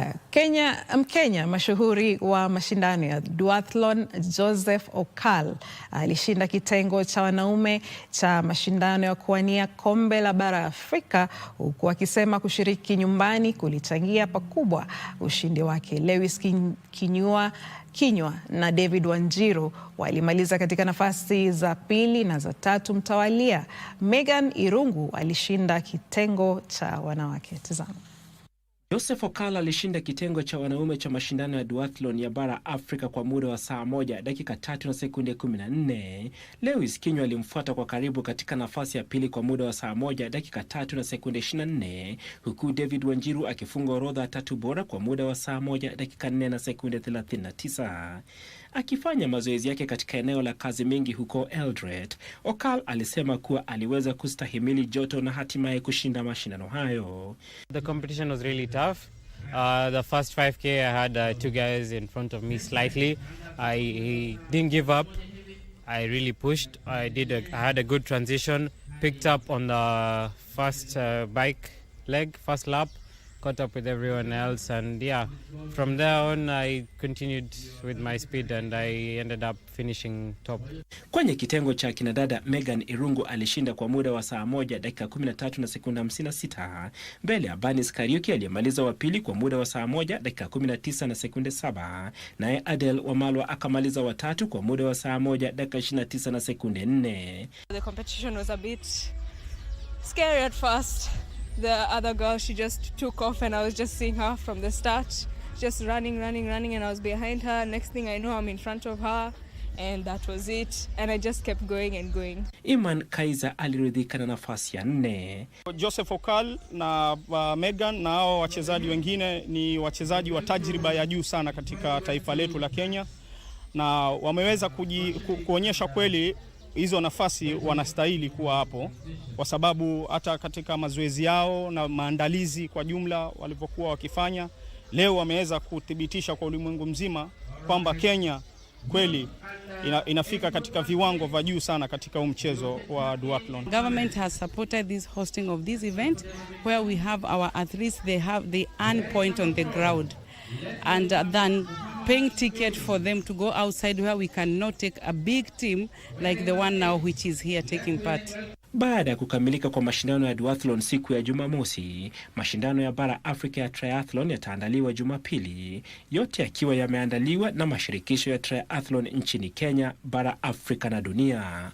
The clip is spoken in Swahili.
Haya, Kenya Mkenya mashuhuri wa mashindano ya duathlon Joseph Okal alishinda kitengo cha wanaume cha mashindano ya kuwania kombe la bara Afrika, huku akisema kushiriki nyumbani kulichangia pakubwa ushindi wake. Lewis Kinyua Kinywa na David Wanjiru walimaliza katika nafasi za pili na za tatu mtawalia. Megan Irungu alishinda kitengo cha wanawake. Tazama. Joseph Okala alishinda kitengo cha wanaume cha mashindano ya duathlon ya bara Afrika kwa muda wa saa moja dakika tatu na sekunde nne. Lewis Kinywa alimfuata kwa karibu katika nafasi ya pili kwa muda wa saa moja dakika tatu na sekunde nne huku David Wanjiru akifunga orodha tatu bora kwa muda wa saa moja dakika nne na sekunde tisa. Akifanya mazoezi yake katika eneo la kazi mingi huko Eldoret, Okal alisema kuwa aliweza kustahimili joto na hatimaye kushinda mashindano hayo. The tough. Uh, the first 5K, I had uh, two guys in front of me slightly. I didn't give up. I really pushed. I did. A, I had a good transition. Picked up on the first uh, bike leg, first lap. caught up with everyone else. And yeah, from there on I continued with my speed and I ended up finishing top. Kwenye kitengo cha kinadada Megan Irungu alishinda kwa muda wa saa moja dakika 13 na sekunde 56 mbele ya Banis Kariuki aliyemaliza wa pili kwa muda wa saa moja dakika 19 na sekunde 7, naye Adel Wamalwa akamaliza watatu kwa muda wa saa moja dakika 29 na sekunde 4. The competition the other girl she just took off and i was just seeing her from the start just running running running and i was behind her next thing i know i'm in front of her and that was it and i just kept going and going Iman Kaiser aliridhika na nafasi ya nne. Joseph Okal na uh, Megan na hao wachezaji wengine ni wachezaji wa tajriba ya juu sana katika taifa letu la Kenya na wameweza kuonyesha kweli hizo nafasi wanastahili kuwa hapo, kwa sababu hata katika mazoezi yao na maandalizi kwa jumla walivyokuwa wakifanya, leo wameweza kuthibitisha kwa ulimwengu mzima kwamba Kenya kweli ina, inafika katika viwango vya juu sana katika huu mchezo wa duathlon. Government has supported this hosting of this event where we have our athletes they have the earn point on the ground and uh, then paying ticket for them to go outside where we cannot take a big team like the one now which is here taking part. Baada ya kukamilika kwa mashindano ya duathlon siku ya Jumamosi, mashindano ya bara Afrika ya triathlon yataandaliwa Jumapili, yote yakiwa yameandaliwa na mashirikisho ya triathlon nchini Kenya, bara Afrika na dunia.